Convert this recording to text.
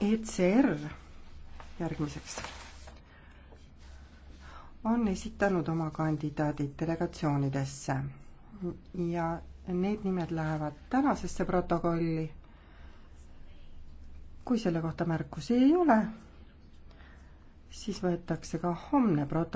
ECR järgmiseks on esitanud oma kandidaadid delegatsioonidesse ja need nimed lähevad tänasesse protokolli. kui selle kohta märkusi ei ole, siis võetakse ka homne protokoll.